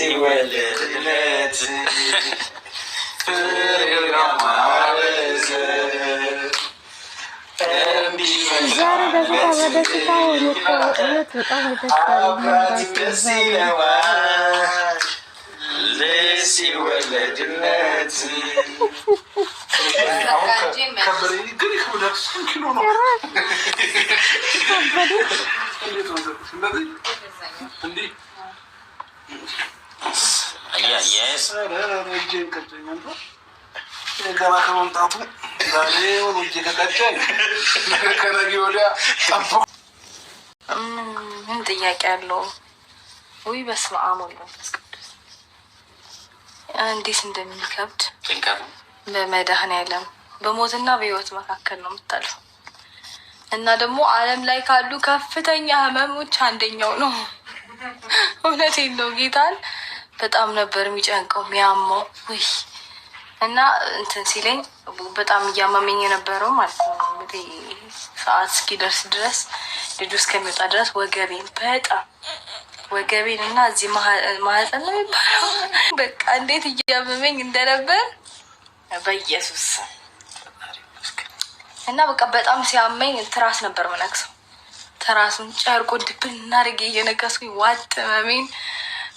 في القمر ناسي ولا لناتي زارة دقيقة بدأت تتعود يتطور يتطور ليسي ولد جناتي كبري قولي خبرك شحال كيلو نص تفضلي تفضلي ምን ጥያቄ አለው? ውይ በስመ አብ ወወልድ ወመንፈስ ቅዱስ እንዴት እንደሚከብድ በመድኃኔዓለም በሞትና በሕይወት መካከል ነው የምታልፈው እና ደግሞ ዓለም ላይ ካሉ ከፍተኛ ህመሞች አንደኛው ነው። እውነቴን ነው ጌታን በጣም ነበር የሚጨንቀው የሚያመው ውይ እና እንትን ሲለኝ በጣም እያመመኝ የነበረው ማለት ነው። እንግዲህ ሰዓት እስኪደርስ ድረስ ልጁ እስከሚወጣ ድረስ ወገቤን በጣም ወገቤን እና እዚህ ማህፀን ነው የሚባለው በቃ እንዴት እያመመኝ እንደነበር በኢየሱስ እና በቃ በጣም ሲያመኝ ትራስ ነበር መነክሰው። ትራሱን ጨርቁን ድብን እናድርጌ እየነከስኩኝ ዋጥ መሜን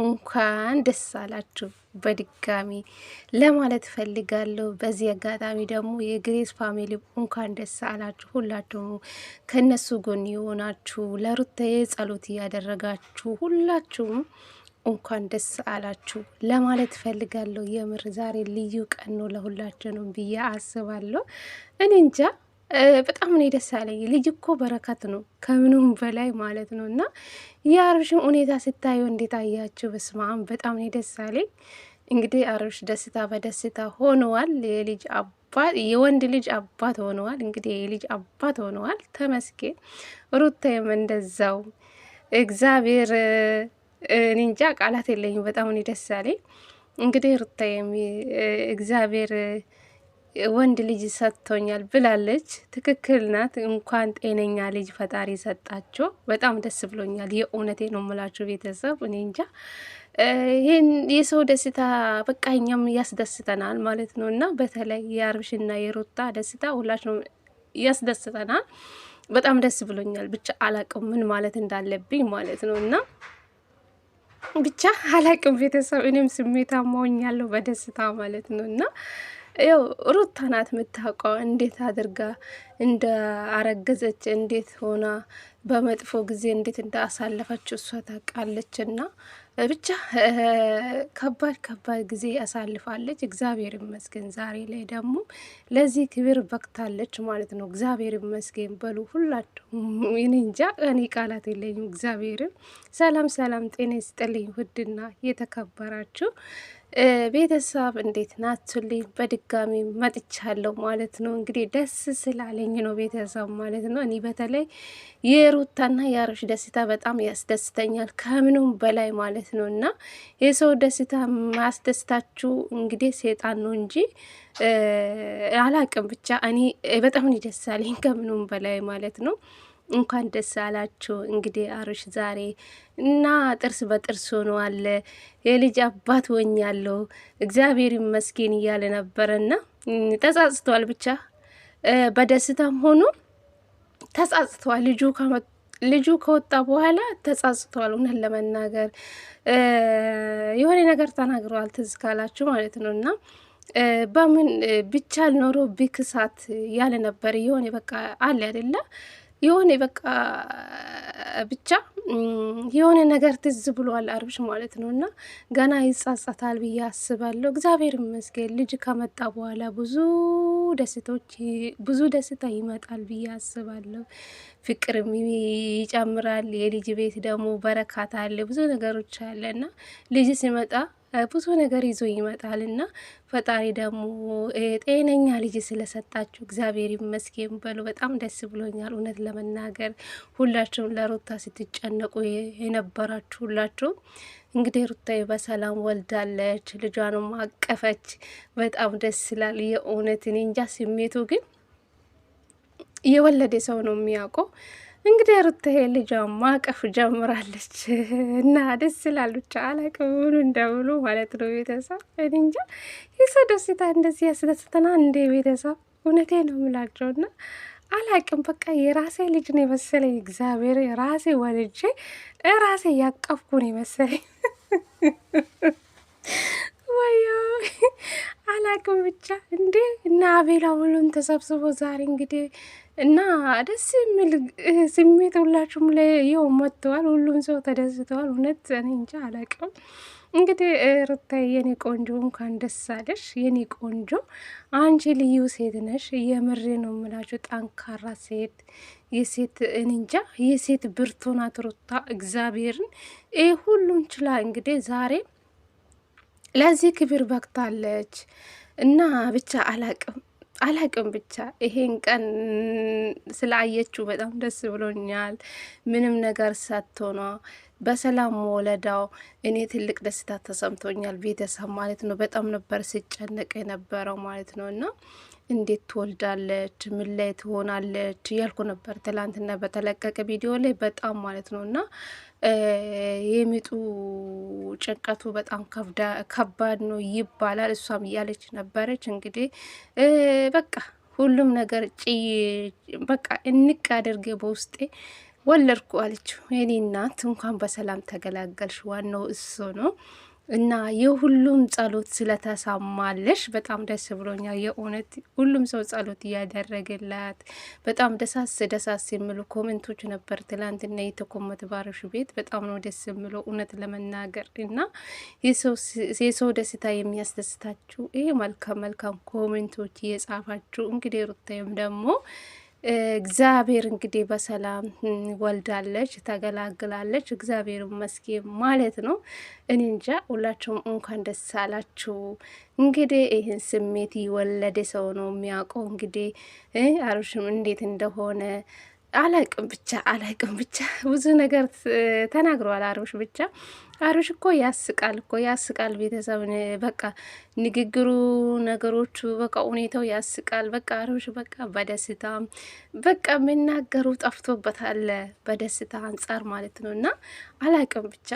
እንኳን ደስ አላችሁ በድጋሚ ለማለት ፈልጋለሁ። በዚህ አጋጣሚ ደግሞ የግሬስ ፋሚሊ እንኳን ደስ አላችሁ። ሁላችሁም ከነሱ ጎን የሆናችሁ ለሩታዬ ጸሎት እያደረጋችሁ ሁላችሁም እንኳን ደስ አላችሁ ለማለት ፈልጋለሁ። የምር ዛሬ ልዩ ቀን ነው ለሁላችንም ብዬ አስባለሁ። እኔ እንጃ በጣም ነው ደስ አለኝ። ልጅ እኮ በረከት ነው ከምንም በላይ ማለት ነው። እና የአብርሽን ሁኔታ ስታዩ እንዴት አያችሁ? በስመ አብ በጣም ነው ደስ አለኝ። እንግዲህ አብርሽ ደስታ በደስታ ሆነዋል። የልጅ አባት የወንድ ልጅ አባት ሆነዋል። እንግዲህ የልጅ አባት ሆነዋል። ተመስገን። ሩታዬም እንደዛው እግዚአብሔር እንጃ ቃላት የለኝም። በጣም ነው ደስ አለኝ። እንግዲህ ሩታዬም እግዚአብሔር ወንድ ልጅ ሰጥቶኛል ብላለች። ትክክል ናት። እንኳን ጤነኛ ልጅ ፈጣሪ ሰጣቸው። በጣም ደስ ብሎኛል። የእውነቴ ነው የምላችሁ ቤተሰብ። እኔ እንጃ ይህን የሰው ደስታ በቃ እኛም ያስደስተናል ማለት ነው እና በተለይ የአብርሽና የሩታ ደስታ ሁላችንም ያስደስተናል። በጣም ደስ ብሎኛል። ብቻ አላቅም ምን ማለት እንዳለብኝ ማለት ነው እና ብቻ አላቅም ቤተሰብ እኔም ስሜታማ ያለው በደስታ ማለት ነው እና ያው ሩታ ናት የምታውቀው እንዴት አድርጋ እንደ አረገዘች እንዴት ሆና በመጥፎ ጊዜ እንዴት እንደ አሳለፈችው እሷ ታውቃለች። እና ብቻ ከባድ ከባድ ጊዜ አሳልፋለች። እግዚአብሔር ይመስገን ዛሬ ላይ ደግሞ ለዚህ ክብር በቅታለች ማለት ነው። እግዚአብሔር ይመስገን በሉ ሁላችሁም። እኔ እንጃ እኔ ቃላት የለኝም። እግዚአብሔርን ሰላም ሰላም፣ ጤና ይስጥልኝ ውድና የተከበራችሁ ቤተሰብ እንዴት ናችሁልኝ? በድጋሚ መጥቻለሁ ማለት ነው። እንግዲህ ደስ ስላለኝ ነው ቤተሰብ ማለት ነው። እኔ በተለይ የሩታና የአብርሽ ደስታ በጣም ያስደስተኛል ከምኑም በላይ ማለት ነው። እና የሰው ደስታ ማስደስታችሁ እንግዲህ ሴጣን ነው እንጂ አላቅም። ብቻ እኔ በጣም ደስ አለኝ ከምኑም በላይ ማለት ነው። እንኳን ደስ አላችሁ። እንግዲህ አብርሽ ዛሬ እና ጥርስ በጥርስ ሆኗል። የልጅ አባት ሆኛለሁ እግዚአብሔር ይመስገን እያለ ነበረና ተጻጽቷል። ብቻ በደስታም ሆኖ ተጻጽቷል። ልጁ ልጁ ከወጣ በኋላ ተጻጽቷል። እውነት ለመናገር የሆነ ነገር ተናግረዋል፣ ትዝ ካላችሁ ማለት ነው እና በምን ብቻ ኖሮ ቢክሳት ያለ ነበር የሆነ በቃ አለ አይደለ የሆነ በቃ ብቻ የሆነ ነገር ትዝ ብሏል አብርሽ ማለት ነው። እና ገና ይጻጻታል ብዬ አስባለሁ። እግዚአብሔር ይመስገን ልጅ ከመጣ በኋላ ብዙ ደስቶች ብዙ ደስታ ይመጣል ብዬ አስባለሁ። ፍቅርም ይጨምራል። የልጅ ቤት ደግሞ በረካታ አለ፣ ብዙ ነገሮች አለ እና ልጅ ሲመጣ ብዙ ነገር ይዞ ይመጣል እና ፈጣሪ ደግሞ ጤነኛ ልጅ ስለሰጣችሁ እግዚአብሔር ይመስገን በሉ። በጣም ደስ ብሎኛል። እውነት ለመናገር ሁላችሁም ለሩታ ስትጨነቁ የነበራችሁ ሁላችሁም እንግዲህ ሩታ በሰላም ወልዳለች፣ ልጇንም አቀፈች። በጣም ደስ ይላል። የእውነትን እንጃ ስሜቱ ግን የወለደ ሰው ነው የሚያውቀው። እንግዲህ ሩትሄ ልጇን ማቀፍ ጀምራለች እና ደስ ይላል። ብቻ አላቅም ምን እንደብሎ ማለት ነው። ቤተሰብ እኔ እንጃ ደስታ እንደዚህ ያስደስተና እንደ ቤተሰብ እውነቴ ነው የምላቸውና አላቅም በቃ የራሴ ልጅ ነው የመሰለኝ። እግዚአብሔር ራሴ ወልጄ ራሴ ያቀፍኩ ነው የመሰለኝ። ወዮ አላቅም ብቻ እንዴ እና አቤላ ሁሉም ተሰብስቦ ዛሬ እንግዲህ እና ደስ የሚል ስሜት ሁላችሁም ላይ የው መጥተዋል። ሁሉም ሰው ተደስተዋል። እውነት እኔ እንጃ አላቅም። እንግዲህ ሩታዬ የኔ ቆንጆ እንኳን ደስ አለሽ የኔ ቆንጆ፣ አንቺ ልዩ ሴት ነሽ። የምሬ ነው የምላችሁ ጠንካራ ሴት የሴት እንንጃ የሴት ብርቱ ናት ሩታ እግዚአብሔርን ይህ ሁሉን ችላ እንግዲህ ዛሬ ለዚህ ክብር በቅታለች እና ብቻ አላቅም አላቅም ብቻ ይሄን ቀን ስላየችው በጣም ደስ ብሎኛል። ምንም ነገር ሳትሆኗ በሰላም ወለዳው እኔ ትልቅ ደስታ ተሰምቶኛል። ቤተሰብ ማለት ነው በጣም ነበር ሲጨነቅ የነበረው ማለት ነው እና እንዴት ትወልዳለች፣ ምን ላይ ትሆናለች እያልኩ ነበር ትላንትና በተለቀቀ ቪዲዮ ላይ በጣም ማለት ነው እና የሚጡ ጭንቀቱ በጣም ከባድ ነው ይባላል። እሷም እያለች ነበረች እንግዲህ በቃ ሁሉም ነገር በቃ እንቅ አድርጌ በውስጤ ወለድኩ አለችው። የኔ እናት እንኳን በሰላም ተገላገልሽ፣ ዋናው እሱ ነው። እና የሁሉም ጸሎት ስለተሰማለሽ በጣም ደስ ብሎኛል። የእውነት ሁሉም ሰው ጸሎት እያደረገላት በጣም ደሳስ ደሳስ የሚሉ ኮሜንቶች ነበር ትላንትና የተኮመት ባረሹ ቤት በጣም ነው ደስ የምለው እውነት ለመናገር እና የሰው ደስታ የሚያስደስታችሁ ይህ መልካም መልካም ኮሜንቶች እየጻፋችሁ እንግዲህ ሩታይም ደግሞ እግዚአብሔር እንግዲህ በሰላም ወልዳለች፣ ተገላግላለች። እግዚአብሔር ይመስገን ማለት ነው። እኔ እንጃ። ሁላችሁም እንኳን ደስ አላችሁ። እንግዲህ ይህን ስሜት የወለደ ሰው ነው የሚያውቀው። እንግዲህ አብርሽም እንዴት እንደሆነ አላቅም ብቻ አላቅም ብቻ ብዙ ነገር ተናግረዋል። አሮሽ ብቻ አሮሽ እኮ ያስቃል እኮ ያስቃል። ቤተሰብ በቃ ንግግሩ፣ ነገሮቹ በቃ ሁኔታው ያስቃል። በቃ አሮሽ በቃ በደስታ በቃ የሚናገሩ ጠፍቶበታል። በደስታ አንጻር ማለት ነው እና አላቅም ብቻ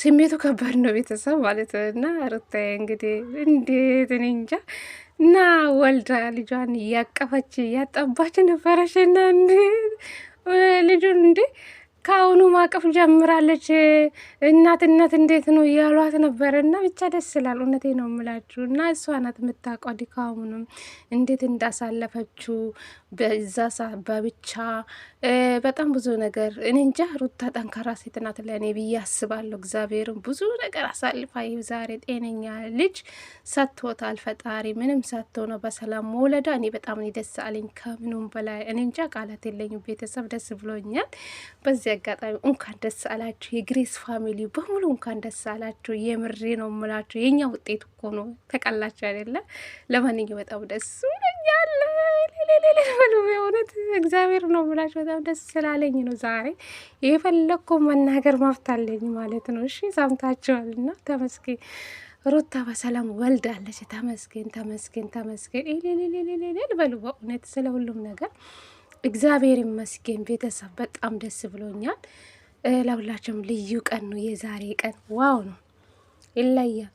ስሜቱ ከባድ ነው ቤተሰብ ማለት እና ሩታዬ እንግዲህ እንዴት እኔ እንጃ እና ወልዳ ልጇን እያቀፈች እያጠባች ነበረችና ልጁን እንዴ ከአሁኑ ማቀፍ ጀምራለች። እናት እንዴት ነው እያሏት ነበረ እና ብቻ ደስ ይላል። እውነቴ ነው የምላችሁ እና እሷ ናት የምታውቀው ድካሙንም እንዴት እንዳሳለፈችው በዛ በብቻ በጣም ብዙ ነገር እኔ እንጃ። ሩታ ጠንካራ ሴት ናት ለእኔ ብዬ አስባለሁ። እግዚአብሔርን ብዙ ነገር አሳልፋ ዛሬ ጤነኛ ልጅ ሰጥቶታል ፈጣሪ። ምንም ሰጥቶ ነው በሰላም መውለዳ። እኔ በጣም ደስ አለኝ ከምኑም በላይ እኔ እንጃ ቃላት የለኝ። ቤተሰብ ደስ ብሎኛል። በዚህ አጋጣሚ እንኳን ደስ አላችሁ የግሬስ ፋሚሊ በሙሉ እንኳን ደስ አላችሁ። የምሬ ነው ምላችሁ። የእኛ ውጤት እኮ ነው ተቀላችሁ አይደለ? ለማንኛው በጣም ደስ ብሎኛል። እግዚአብሔር ነው ብላችሁ በጣም ደስ ስላለኝ ነው ዛሬ የፈለግኩ መናገር ማፍታለኝ አለኝ ማለት ነው። እሺ ሰምታችኋል እና ተመስገን ሩታ በሰላም ወልዳለች። ተመስገን ተመስገን ተመስገን ሌሌሌሌሌል በሉ በእውነት ስለ ሁሉም ነገር እግዚአብሔር ይመስገን። ቤተሰብ በጣም ደስ ብሎኛል። ለሁላችሁም ልዩ ቀን ነው የዛሬ ቀን። ዋው ነው ይለያል።